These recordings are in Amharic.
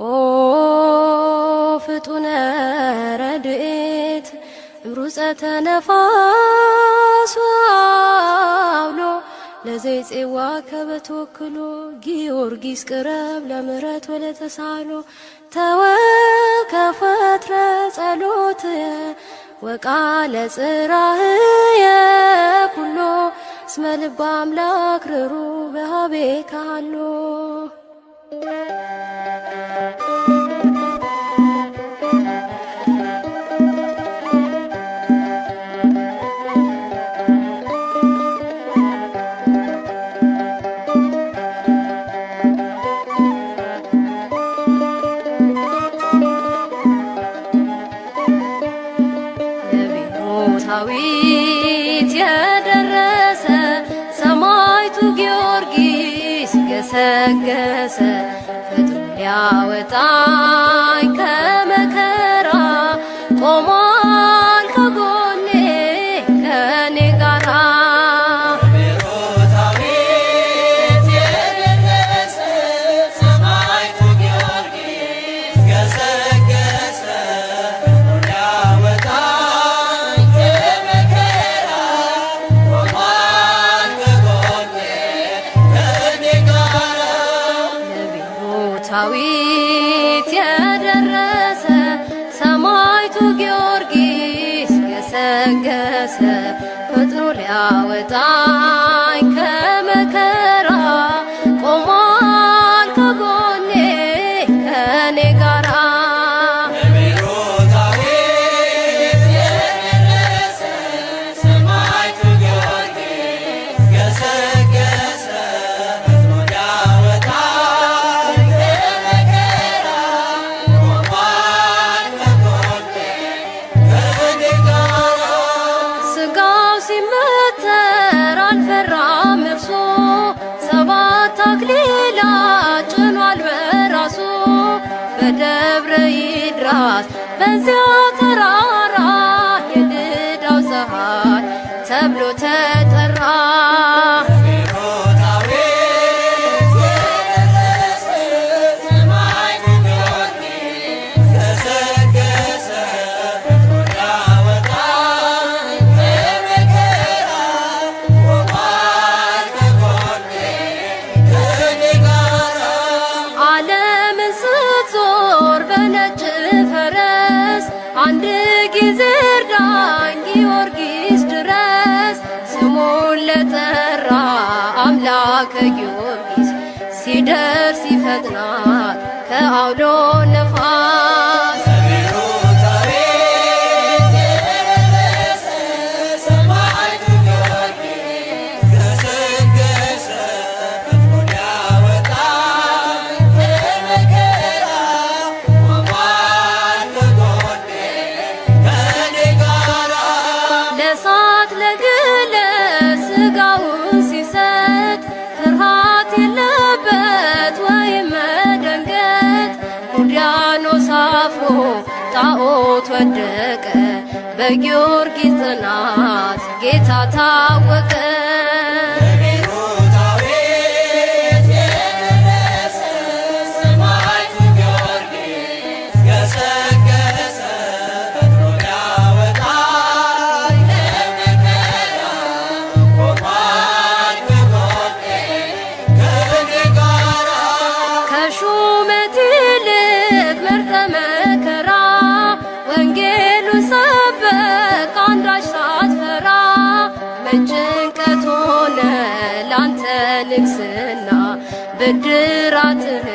ኦ ፍጡነ ረድኤት ሩፀተ ነፋስ አውሎ ከበተወክሎ ጊዮርጊስ ቅረብ ወለተሳሎ ተወከፈትረ ጸሎትየ ወቃለ ጽራህየ ኩሎ እስመ ልበ አምላክ ርሩ በሃቤ ካሎ ዳዊት የደረሰ ሰማይቱ ጊዮርጊስ ገሰገሰ ፍጥሞ ሊያወጣኝ ከመከራ ቆሞ ዳዊት የደረሰ ሰማይቱ ጊዮርጊስ ገሰገሰ ፈጥኖ ሊያወጣኝ ከመከራ ቆሟል ከጎኔ ከኔ ጋራ ሲመተር አልፈራም እርሱ ሰባት አክሊላ ጭኗል በራሱ በደብረ ይድራስ በዚያ ተራ አስርዳኝ ጊዮርጊስ ድረስ ስሙን ለጠራ አምላከ ጊዮርጊስ ሲደርስ ይፈጥናል ከአውሎን እሳት ለግለ ስጋውን ሲሰጥ ፍርሃት የለበት ወይም መደንገጥ። ሙዳያኖስ አፍሮ ጣዖት ወደቀ፣ በጊዮርጊስ ጽናት ጌታ ታወቀ። ጭንቀት ሆነ ላንተ ብድራትህ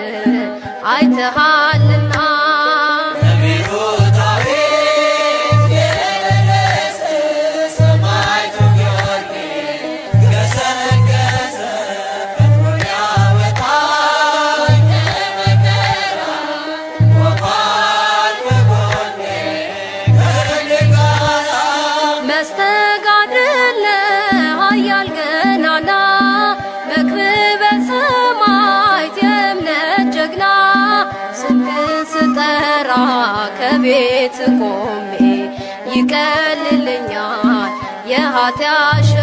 ስሰራ ከቤት ቆሜ ይቀልልኛል